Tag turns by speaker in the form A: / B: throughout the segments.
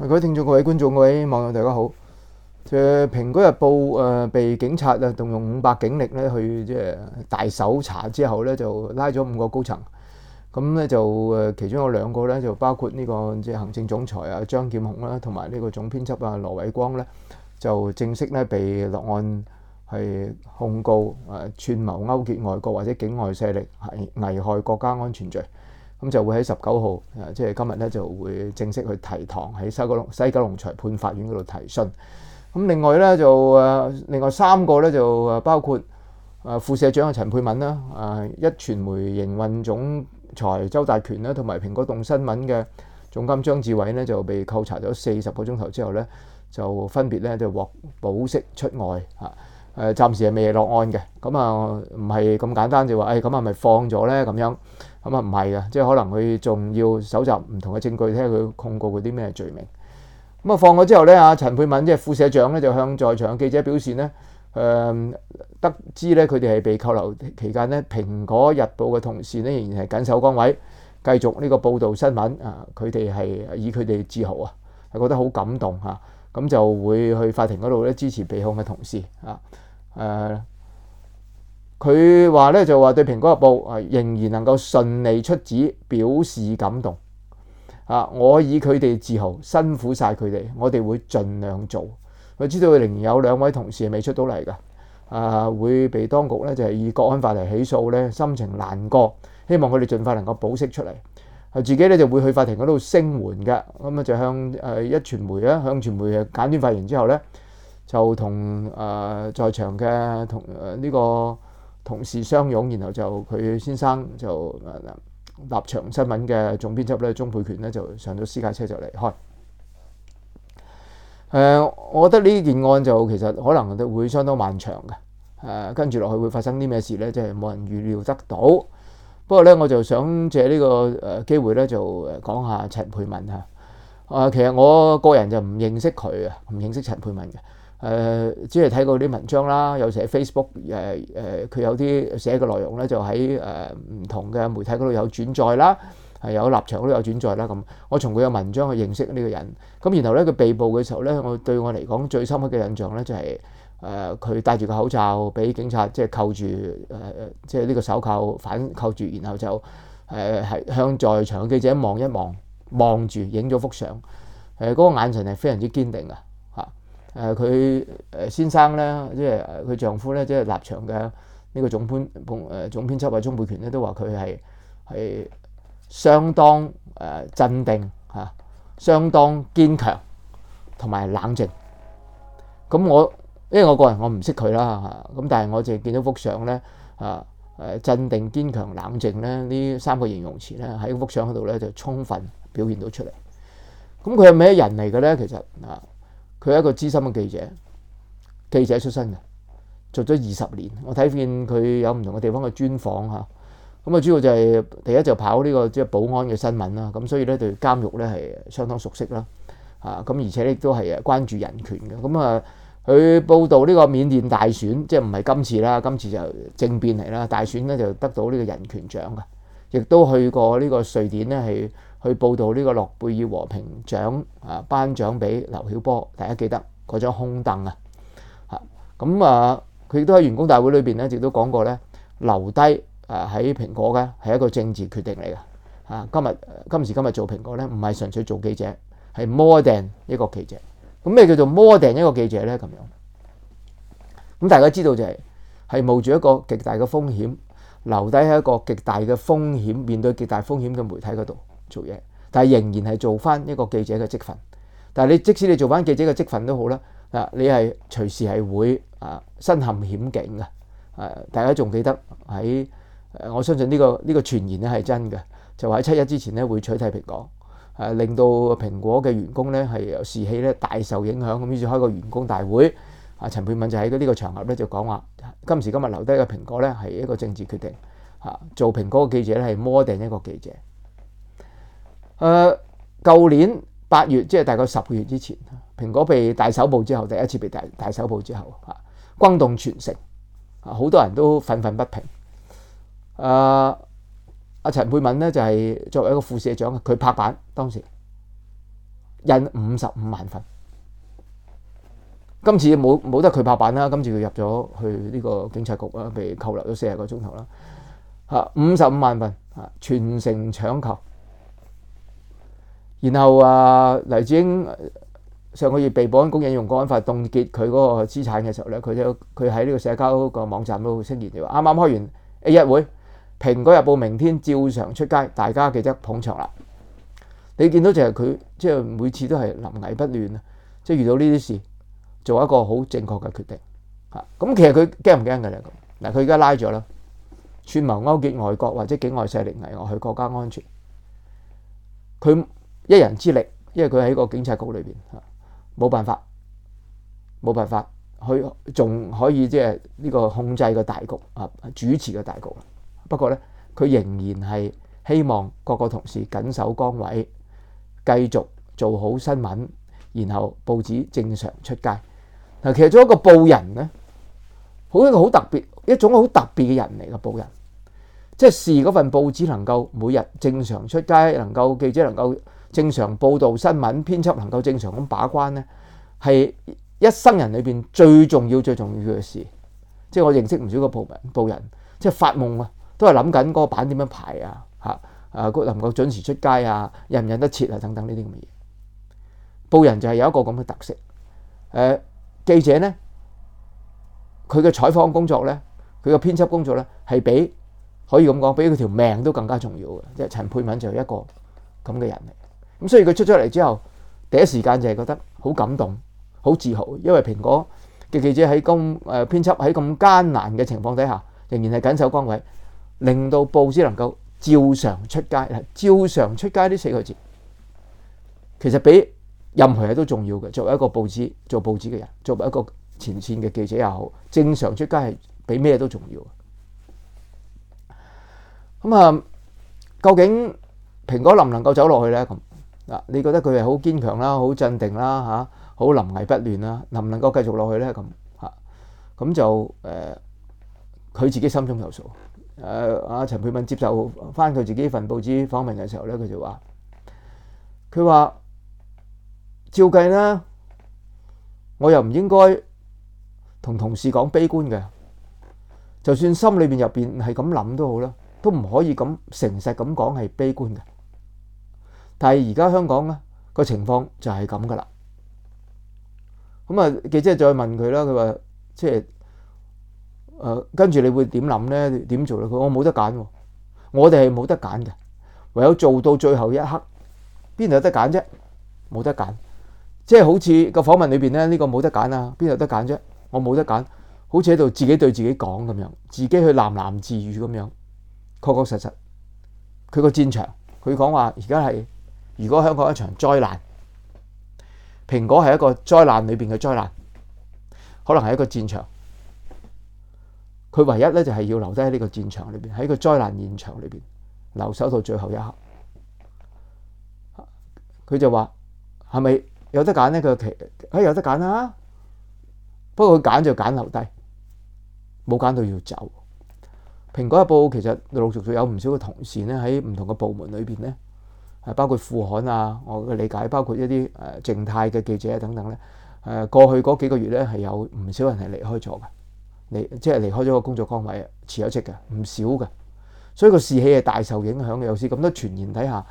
A: 各位聽眾、各位觀眾、各位網友，大家好。即係《蘋果日報》誒，被警察啊動用五百警力咧去即係大搜查之後咧，就拉咗五個高層。咁咧就誒，其中有兩個咧就包括呢個即係行政總裁啊張劍虹啦，同埋呢個總編輯啊羅偉光咧，就正式咧被落案係控告誒串謀勾結外國或者境外勢力危害國家安全罪。咁就會喺十九號，誒，即係今日咧就會正式去提堂，喺西九龍西九龍裁判法院嗰度提訊。咁另外咧就誒，另外三個咧就誒，包括誒副社長啊陳佩敏啦，誒壹傳媒營運總裁周大權啦，同埋蘋果動新聞嘅總監張志偉咧就被扣查咗四十個鐘頭之後咧，就分別咧就獲保釋出外嚇，誒暫時係未落案嘅。咁啊，唔係咁簡單就話，誒咁啊，係咪放咗咧咁樣。咁啊，唔係啊，即係可能佢仲要搜集唔同嘅證據，睇下佢控告佢啲咩罪名。咁啊放咗之後咧，啊陳沛敏即係副社長咧，就向在場嘅記者表示呢誒、呃、得知咧佢哋係被扣留期間呢《蘋果日報》嘅同事呢，仍然係緊守崗位，繼續呢個報導新聞。呃、他們是以他們是啊，佢哋係以佢哋自豪啊，係覺得好感動嚇，咁就會去法庭嗰度咧支持被控嘅同事啊，誒、呃。佢話咧就話對《蘋果日報》啊，仍然能夠順利出紙，表示感動啊！我以佢哋自豪，辛苦晒佢哋，我哋會盡量做。佢知道佢仍然有兩位同事未出到嚟嘅，啊會被當局咧就係、是、以國安法嚟起訴咧，心情難過。希望佢哋盡快能夠保釋出嚟。佢自己咧就會去法庭嗰度聲援嘅，咁啊就向誒、啊、一傳媒咧向傳媒嘅簡短發言之後咧，就同誒、啊、在場嘅同呢個。同事相擁，然後就佢先生就立場新聞嘅總編輯咧，鍾沛權咧就上咗私家車就離開。誒、呃，我覺得呢件案就其實可能會相當漫長嘅。誒、呃，跟住落去會發生啲咩事呢？即係冇人預料得到。不過呢，我就想借呢個誒機會呢，就講下陳沛敏啊。啊、呃，其實我個人就唔認識佢啊，唔認識陳沛敏嘅。誒，只係睇過啲文章啦，有寫 Facebook 誒誒，佢有啲寫嘅內容咧，就喺誒唔同嘅媒體嗰度有轉載啦，係有立場嗰度有轉載啦。咁我從佢嘅文章去認識呢個人。咁然後咧，佢被捕嘅時候咧，我對我嚟講最深刻嘅印象咧、就係，就係誒佢戴住個口罩，俾警察即係扣住誒，即係呢、呃、個手扣反扣住，然後就誒係、呃、向在場嘅記者望一望，望住影咗幅相。誒嗰個眼神係非常之堅定嘅。誒佢誒先生咧，即係佢丈夫咧，即係立場嘅呢個總編總誒總編輯啊，鍾沛權咧都話佢係係相當誒、呃、鎮定嚇、啊，相當堅強同埋冷靜。咁我因為我個人我唔識佢啦嚇，咁、啊、但係我淨係見到幅相咧嚇誒鎮定、堅強、冷靜咧呢三個形容詞咧喺幅相嗰度咧就充分表現到出嚟。咁佢係咩人嚟嘅咧？其實啊～佢係一個資深嘅記者，記者出身嘅，做咗二十年。我睇見佢有唔同嘅地方嘅專訪吓，咁啊主要就係第一就跑呢個即係保安嘅新聞啦，咁所以咧對監獄咧係相當熟悉啦，吓咁而且亦都係啊關注人權嘅。咁、嗯、啊，佢報道呢個緬甸大選，即係唔係今次啦，今次就政變嚟啦，大選咧就得到呢個人權獎嘅，亦都去過呢個瑞典咧係。去報道呢個諾貝爾和平獎啊，頒獎俾劉曉波，大家記得嗰張空凳啊。吓咁啊，佢亦都喺員工大會裏邊咧，亦都講過咧，留低誒喺蘋果嘅係一個政治決定嚟嘅。啊，今日今時今日做蘋果咧，唔係純粹做記者，係 more than 一個記者。咁咩叫做 more than 一個記者咧？咁樣咁大家知道就係、是、係冒住一個極大嘅風險，留低喺一個極大嘅風險面對極大風險嘅媒體嗰度做嘢，但係仍然係做翻一個記者嘅職份。但係你即使你做翻記者嘅職份都好啦，啊，你係隨時係會啊身陷險境嘅。誒、啊，大家仲記得喺誒，我相信呢、呢個呢、呢個傳言咧係真嘅，就話喺七一之前咧會取締蘋果，誒、啊、令到蘋果嘅員工咧係士氣咧大受影響。咁於是開個員工大會，啊，陳沛敏就喺呢個場合咧就講話，今時今日留低嘅蘋果咧係一個政治決定，嚇、啊、做蘋果嘅記者咧係磨掟一個記者。誒，舊、呃、年八月，即係大概十個月之前，蘋果被大搜捕之後，第一次被大大搜捕之後，嚇，轟動全城，好多人都憤憤不平。誒、呃，阿陳佩敏呢，就係、是、作為一個副社長，佢拍板當時印五十五萬份。今次冇冇得佢拍板啦，今次佢入咗去呢個警察局啦，被扣留咗四十個鐘頭啦。嚇、呃，五十五萬份，嚇，全城搶購。然後啊，黎智英上個月被保安公引用國安法凍結佢嗰個資產嘅時候咧，佢都佢喺呢個社交個網站都出現咗。啱啱開完 A 一會，《蘋果日報》明天照常出街，大家記得捧場啦。你見到就係佢，即係每次都係臨危不亂啊！即係遇到呢啲事，做一個好正確嘅決定嚇。咁其實佢驚唔驚嘅咧？嗱，佢而家拉咗啦，串謀勾結外國或者境外勢力危害佢國家安全，佢。一人之力，因為佢喺個警察局裏邊嚇，冇辦法，冇辦法，佢仲可以即係呢個控制個大局啊，主持個大局。不過呢，佢仍然係希望各個同事緊守崗位，繼續做好新聞，然後報紙正常出街。嗱，其實做一個報人呢，好一個好特別一種好特別嘅人嚟嘅報人，即係視嗰份報紙能夠每日正常出街，能夠記者能夠。正常報道新聞，編輯能夠正常咁把關呢，係一生人裏邊最重要、最重要嘅事。即係我認識唔少個報報人，即係發夢啊，都係諗緊嗰個版點樣排啊，嚇啊能夠準時出街啊，印唔印得切啊，等等呢啲咁嘅嘢。報人就係有一個咁嘅特色。誒、呃、記者呢，佢嘅採訪工作呢，佢嘅編輯工作呢，係比可以咁講，比佢條命都更加重要嘅。即係陳沛敏就係一個咁嘅人嚟。咁所以佢出咗嚟之後，第一時間就係覺得好感動、好自豪，因為蘋果嘅記者喺咁誒編輯喺咁艱難嘅情況底下，仍然係緊守崗位，令到報紙能夠照常出街。照常出街呢四個字其實比任何嘢都重要嘅。作為一個報紙做報紙嘅人，作為一個前線嘅記者又好，正常出街係比咩都重要。咁啊，究竟蘋果能唔能夠走落去咧？咁？嗱，你覺得佢係好堅強啦，好鎮定啦，嚇，好臨危不亂啦，能唔能夠繼續落去咧？咁嚇，咁就誒，佢自己心中有數。誒，阿陳沛敏接受返佢自己份報紙訪問嘅時候咧，佢就話，佢話照計咧，我又唔應該同同事講悲觀嘅，就算心裏邊入邊係咁諗都好啦，都唔可以咁誠實咁講係悲觀嘅。但係而家香港咧個情況就係咁噶啦，咁啊記者再問佢啦，佢話即係誒跟住你會點諗咧？點做咧？佢我冇得揀，我哋係冇得揀嘅，唯有做到最後一刻，邊度有得揀啫？冇得揀，即係好似個訪問裏邊咧，呢個冇得揀啊，邊度有得揀啫？我冇得揀，好似喺度自己對自己講咁樣，自己去喃喃自語咁樣，確確實實，佢個戰場，佢講話而家係。如果香港一場災難，蘋果係一個災難裏邊嘅災難，可能係一個戰場。佢唯一咧就係、是、要留低喺呢個戰場裏邊，喺個災難現場裏邊留守到最後一刻。佢就話：係咪有得揀呢？佢其係有得揀啊！不過佢揀就揀留低，冇揀到要走。蘋果日報其實陸續續有唔少嘅同事咧喺唔同嘅部門裏邊咧。係包括副刊啊，我嘅理解包括一啲誒、呃、靜態嘅記者、啊、等等咧。誒、呃、過去嗰幾個月咧係有唔少人係離開咗嘅，離即係離開咗個工作崗位，辭咗職嘅，唔少嘅。所以個士氣係大受影響嘅。有時咁多傳言底下，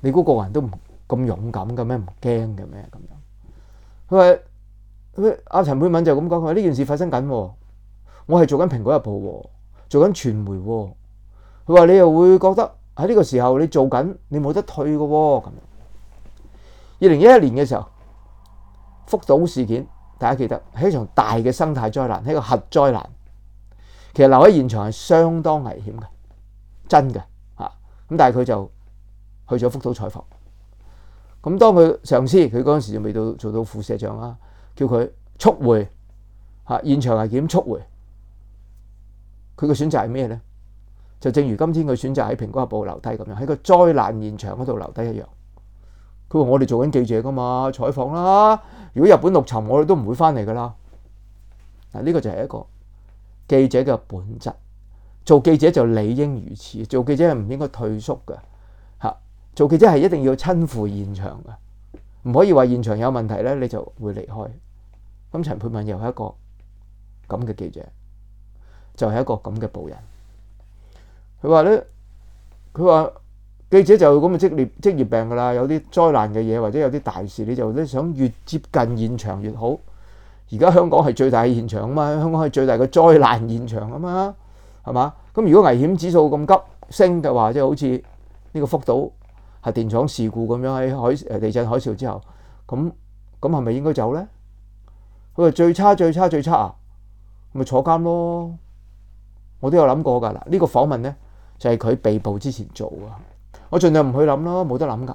A: 你估個人都唔咁勇敢嘅咩？唔驚嘅咩？咁樣佢話阿陳沛敏就咁講，佢話呢件事發生緊，我係做緊蘋果日報、啊，做緊傳媒、啊。佢話你又會覺得？喺呢個時候你做緊，你冇得退噶喎。咁，二零一一年嘅時候，福島事件，大家記得係一場大嘅生態災難，係一個核災難。其實留喺現場係相當危險嘅，真嘅吓。咁但係佢就去咗福島採訪。咁當佢上司，佢嗰陣時就未到做到副社長啦，叫佢速回吓，現場係點速回？佢嘅選擇係咩咧？就正如今天佢選擇喺蘋果日報留低咁樣，喺個災難現場嗰度留低一樣。佢話我哋做緊記者噶嘛，採訪啦。如果日本陸沉，我哋都唔會翻嚟噶啦。嗱，呢個就係一個記者嘅本質。做記者就理應如此，做記者唔應該退縮噶吓。做記者係一定要親赴現場噶，唔可以話現場有問題呢，你就會離開。咁陳佩文又係一個咁嘅記者，就係一個咁嘅報人。佢話咧，佢話記者就咁嘅職業職業病噶啦，有啲災難嘅嘢或者有啲大事，你就咧想越接近現場越好。而家香港係最大嘅現場啊嘛，香港係最大嘅災難現場啊嘛，係嘛？咁如果危險指數咁急升嘅話，就話即係好似呢個福島核電廠事故咁樣喺海誒地震海嘯之後，咁咁係咪應該走咧？佢話最差最差最差啊，咪坐監咯！我都有諗過噶嗱，呢、這個訪問咧。就係佢被捕之前做啊！我儘量唔去諗咯，冇得諗噶，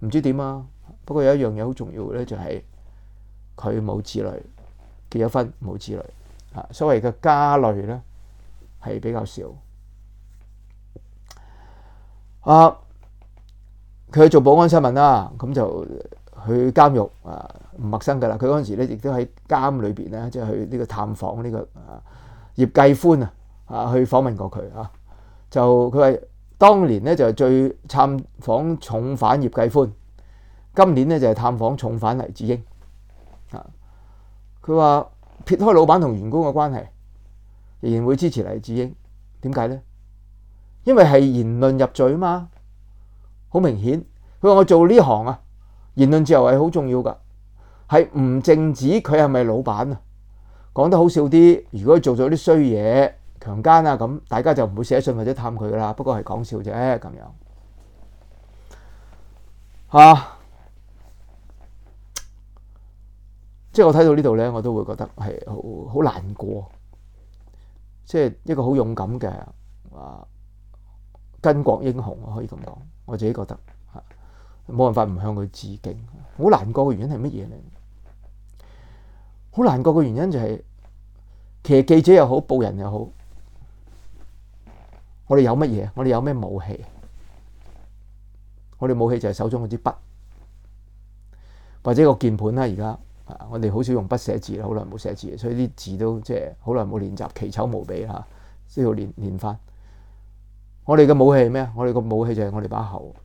A: 唔知點啊！不過有一樣嘢好重要咧、就係，就係佢冇子女，結咗婚冇子女，所謂嘅家累咧係比較少啊！佢做保安新聞啦，咁就去監獄啊，唔陌生噶啦。佢嗰陣時咧亦都喺監裏面咧，即、就、係、係、去呢個探訪呢、呢個啊葉繼歡啊啊，去訪問過佢就佢話當年咧就係最探訪重犯葉繼歡，今年咧就係探訪重犯黎智英。啊，佢話撇開老闆同員工嘅關係，仍然會支持黎智英。點解呢？因為係言論入罪啊嘛，好明顯。佢話我做呢行啊，言論自由係好重要噶，係唔淨止佢係咪老闆啊？講得好笑啲，如果做咗啲衰嘢，強姦啊！咁大家就唔會寫信或者探佢噶啦，不過係講笑啫咁樣，吓，即係我睇到呢度咧，我都會覺得係好好難過，即係一個好勇敢嘅啊巾幗英雄，可以咁講，我自己覺得，啊，冇辦法唔向佢致敬。好難過嘅原因係乜嘢咧？好難過嘅原因就係，其實記者又好，報人又好。我哋有乜嘢？我哋有咩武器？我哋武器就係手中嗰支筆，或者個鍵盤啦。而家我哋好少用筆寫字啦，好耐冇寫字，所以啲字都即係好耐冇練習，奇醜無比吓，需要練練翻。我哋嘅武器係咩啊？我哋個武器就係我哋把口，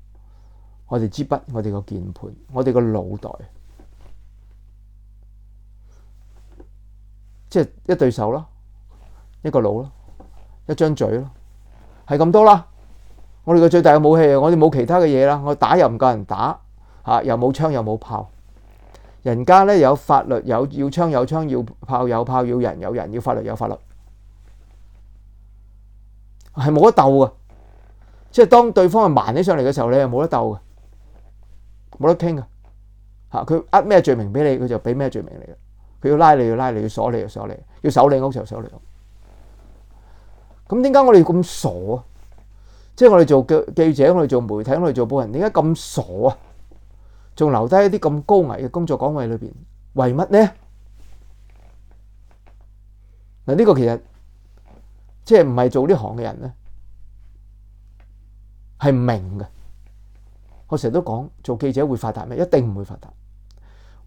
A: 我哋支筆，我哋個鍵盤，我哋個腦袋，即係一對手咯，一個腦咯，一張嘴咯。係咁多啦，我哋嘅最大嘅武器啊！我哋冇其他嘅嘢啦，我打又唔夠人打，又冇槍又冇炮，人家咧有法律有，要槍有槍，要炮有炮，要人有人，要法律有法律，係冇得鬥㗎。即係當對方係埋起上嚟嘅時候，你係冇得鬥嘅，冇得傾㗎。吓，佢呃咩罪名俾你，佢就俾咩罪名你嘅。佢要拉你要拉你，要鎖你要鎖你，要搜你屋企就搜你屋咁點解我哋咁傻啊？即係我哋做嘅記者，我哋做媒體，我哋做報人，點解咁傻啊？仲留低一啲咁高危嘅工作崗位裏邊，為乜呢？嗱，呢個其實即係唔係做呢行嘅人咧，係唔明㗎。我成日都講，做記者會發達咩？一定唔會發達。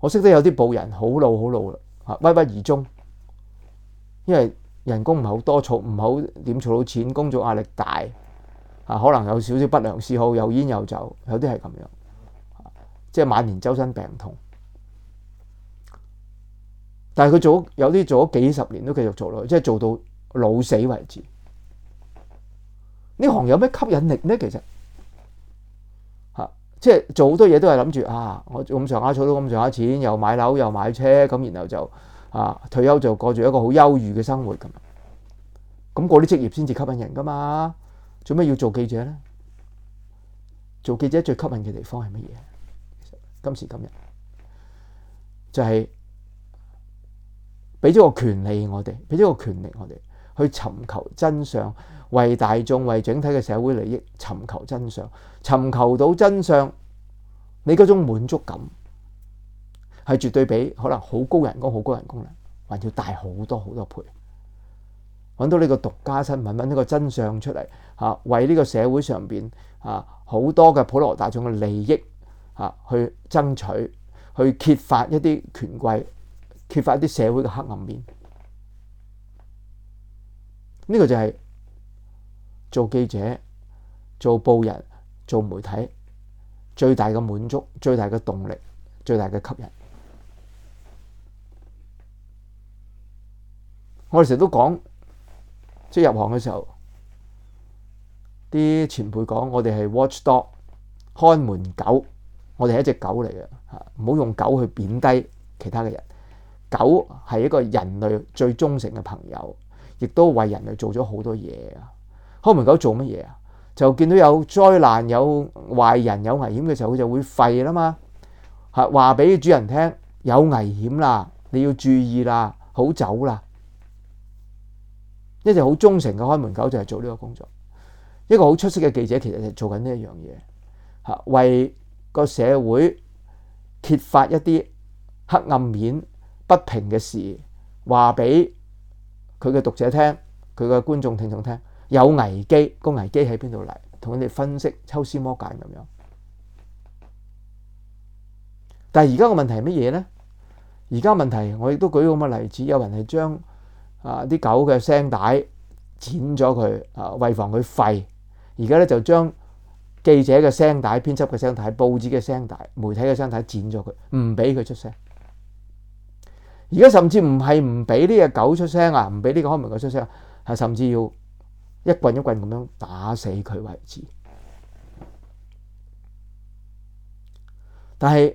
A: 我識得有啲報人好老好老啦，啊，鬱鬱而終，因為。人工唔好多，儲唔好點儲到錢，工作壓力大，啊，可能有少少不良嗜好，有煙有酒，有啲係咁樣，即係晚年周身病痛。但係佢做咗有啲做咗幾十年都繼續做落去，即係做到老死為止。呢行有咩吸引力呢？其實，嚇，即係做好多嘢都係諗住啊！我咁上下儲到咁上下錢，又買樓又買車，咁然後就。啊！退休就過住一個好優裕嘅生活咁，咁啲職業先至吸引人噶嘛？做咩要做記者呢？做記者最吸引嘅地方係乜嘢？今時今日就係俾咗個權利給我哋，俾咗個權利我哋去尋求真相，為大眾、為整體嘅社會利益尋求真相，尋求到真相，你嗰種滿足感。係絕對比可能好高人工、好高人工量，還要大好多好多倍。揾到呢個獨家新聞，揾呢個真相出嚟，嚇為呢個社會上面嚇好多嘅普羅大眾嘅利益去爭取，去揭發一啲權貴，揭發一啲社會嘅黑暗面。呢、呢個就係做記者、做報人、做媒體最大嘅滿足、最大嘅動力、最大嘅吸引。我哋成日都講，即係入行嘅時候，啲前輩講，我哋係 watch dog 看門狗，我哋係一隻狗嚟嘅嚇。唔好用狗去貶低其他嘅人。狗係一個人類最忠誠嘅朋友，亦都為人類做咗好多嘢啊。看門狗做乜嘢啊？就見到有災難、有壞人、有危險嘅時候，佢就會吠啦嘛嚇，話俾主人聽有危險啦，你要注意啦，好走啦。一隻好忠誠嘅看門狗就係做呢個工作，一個好出色嘅記者其實係做緊呢一樣嘢，吓為個社會揭發一啲黑暗面、不平嘅事，話俾佢嘅讀者聽、佢嘅觀眾聽眾聽。有危機，個危機喺邊度嚟？同佢哋分析、抽絲剝繭咁樣。但係而家個問題係乜嘢呢？而家問題，我亦都舉咁嘅例子，有人係將。啊！啲狗嘅聲帶剪咗佢，啊，為防佢吠。而家咧就將記者嘅聲帶、編輯嘅聲帶、報紙嘅聲帶、媒體嘅聲帶剪咗佢，唔俾佢出聲。而家甚至唔係唔俾呢隻狗出聲啊，唔俾呢個看門狗出聲啊，係甚至要一棍一棍咁樣打死佢為止。但係。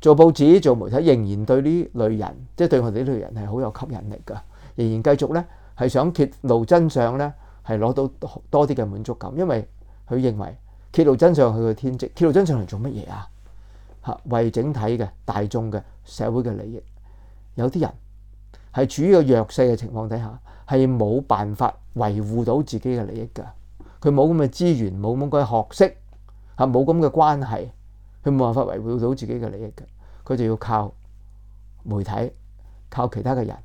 A: 做報紙、做媒體，仍然對呢類人，即係對我哋呢類人係好有吸引力㗎。仍然繼續咧，係想揭露真相咧，係攞到多啲嘅滿足感，因為佢認為揭露真相係佢嘅天職。揭露真相嚟做乜嘢啊？嚇，為整體嘅大眾嘅社會嘅利益。有啲人係處於個弱勢嘅情況底下，係冇辦法維護到自己嘅利益㗎。佢冇咁嘅資源，冇咁嘅學識，嚇，冇咁嘅關係。佢冇辦法維護到自己嘅利益嘅，佢就要靠媒體、靠其他嘅人。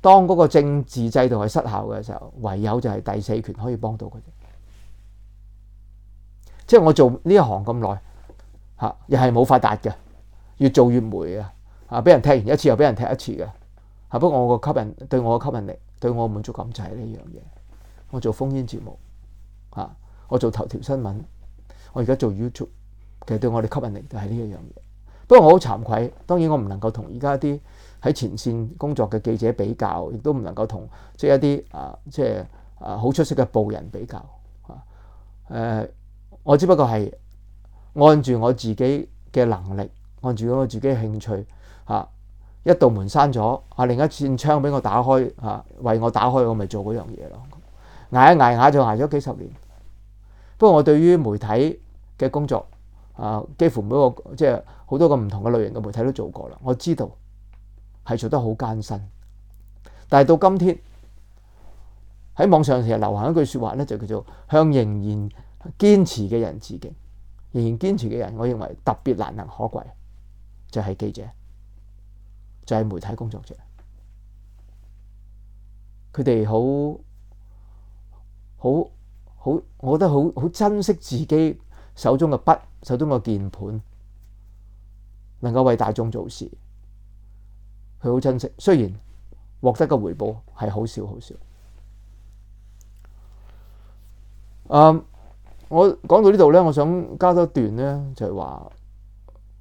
A: 當嗰個政治制度係失效嘅時候，唯有就係第四權可以幫到佢哋。即係我做呢一行咁耐，吓又係冇發達嘅，越做越霉啊！啊，俾人踢完一次又俾人踢一次嘅。吓，不過我個吸引對我嘅吸引力，對我嘅滿足感就係呢樣嘢。我做烽煙節目，啊，我做頭條新聞，我而家做 YouTube。其實對我哋吸引力都係呢一樣嘢。不過我好慚愧，當然我唔能夠同而家啲喺前線工作嘅記者比較，亦都唔能夠同即係一啲啊，即係啊好、啊、出色嘅報人比較啊。誒，我只不過係按住我自己嘅能力，按住我自己嘅興趣嚇、啊。一道門閂咗啊，另一扇窗俾我打開嚇、啊，為我打開，我咪做嗰樣嘢咯。捱一捱下就捱咗幾十年。不過我對於媒體嘅工作，啊！幾乎每個即係好多個唔同嘅類型嘅媒體都做過啦，我知道係做得好艱辛，但係到今天喺網上成日流行一句說話咧，就叫做向仍然堅持嘅人致敬。仍然堅持嘅人，我認為特別難能可貴，就係記者，就係媒體工作者，佢哋好好好，我覺得好好珍惜自己。手中嘅筆，手中嘅鍵盤，能夠為大眾做事，佢好珍惜。雖然獲得嘅回報係好少好少。嗯，我講到呢度咧，我想加多一段咧，就係話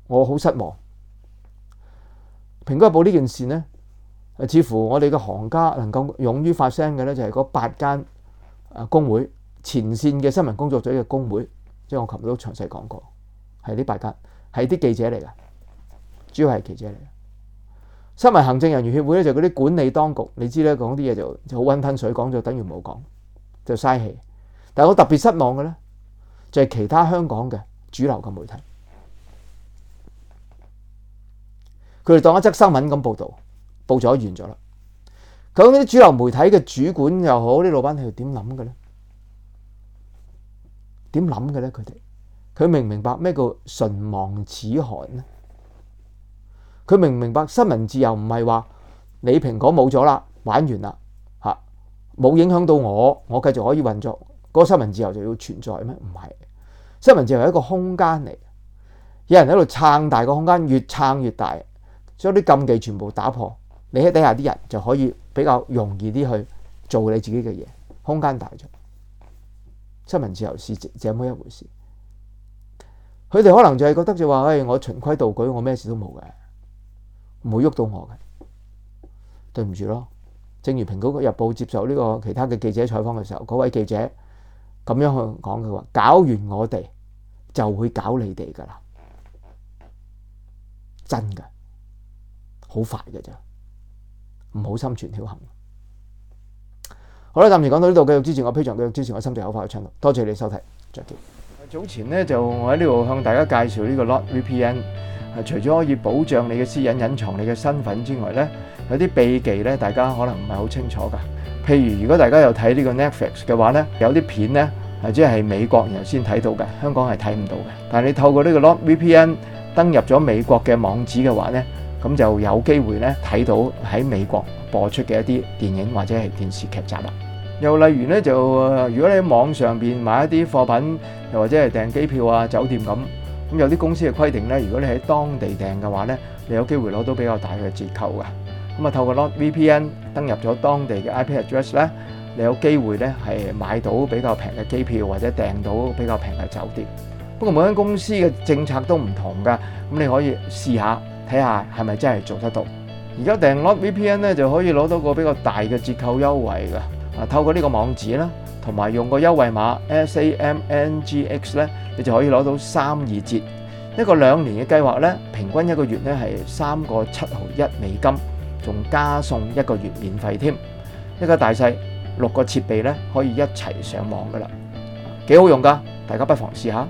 A: 我好失望。蘋果日報呢件事咧，似乎我哋嘅行家能夠勇於發聲嘅咧，就係嗰八間啊，工會前線嘅新聞工作者嘅工會。即係我琴日都詳細講過，係啲白家，係啲記者嚟嘅，主要係記者嚟。嘅。新聞行政人員協會咧，就嗰啲管理當局，你知咧講啲嘢就就好溫吞水，講就等於冇講，就嘥氣。但係我特別失望嘅咧，就係、是、其他香港嘅主流嘅媒體，佢哋當一則新聞咁報導，報咗完咗啦。咁啲主流媒體嘅主管又好，啲老闆係點諗嘅咧？點諗嘅咧？佢哋佢明唔明白咩叫唇亡齒寒咧？佢明唔明白新聞自由唔係話，你蘋果冇咗啦，玩完啦吓，冇影響到我，我繼續可以運作，嗰個新聞自由就要存在咩？唔係，新聞自由係一個空間嚟，有人喺度撐大個空間，越撐越大，將啲禁忌全部打破，你喺底下啲人就可以比較容易啲去做你自己嘅嘢，空間大咗。新聞自由是這麼一回事，佢哋可能就係覺得就話，誒、欸，我循規蹈矩，我咩事都冇嘅，唔會喐到我嘅，對唔住咯。正如蘋果日報接受呢個其他嘅記者採訪嘅時候，嗰位記者咁樣去講佢話，搞完我哋就會搞你哋噶啦，真嘅，好快嘅咋，唔好心存僥倖。好啦，暫時講到呢度。繼續支持我非常繼續支持我森直口快嘅頻道。多謝你收睇，再見。早前呢，就我喺呢度向大家介紹呢個 Lot VPN，、啊、除咗可以保障你嘅私隱、隱藏你嘅身份之外呢，有啲秘技呢，大家可能唔係好清楚噶。譬如如果大家有睇呢個 Netflix 嘅話呢，有啲片呢，即係係美國人先睇到嘅，香港係睇唔到嘅。但係你透過呢個 Lot VPN 登入咗美國嘅網址嘅話呢，咁就有機會呢睇到喺美國播出嘅一啲電影或者係電視劇集啦。又例如咧，就如果你喺網上邊買一啲貨品，又或者係訂機票啊、酒店咁，咁有啲公司嘅規定咧，如果你喺當地訂嘅話咧，你有機會攞到比較大嘅折扣嘅。咁啊，透過 NordVPN 登入咗當地嘅 IP address 咧，你有機會咧係買到比較平嘅機票，或者訂到比較平嘅酒店。不過每間公司嘅政策都唔同嘅，咁你可以試下睇下係咪真係做得到。而家訂 NordVPN 咧就可以攞到個比較大嘅折扣優惠嘅。啊！透過呢個網址啦，同埋用個優惠碼 S A M N G X 咧，你就可以攞到三二折。一個兩年嘅計劃咧，平均一個月咧係三個七毫一美金，仲加送一個月免費添。一家大細六個設備咧可以一齊上網噶啦，幾好用噶，大家不妨試下。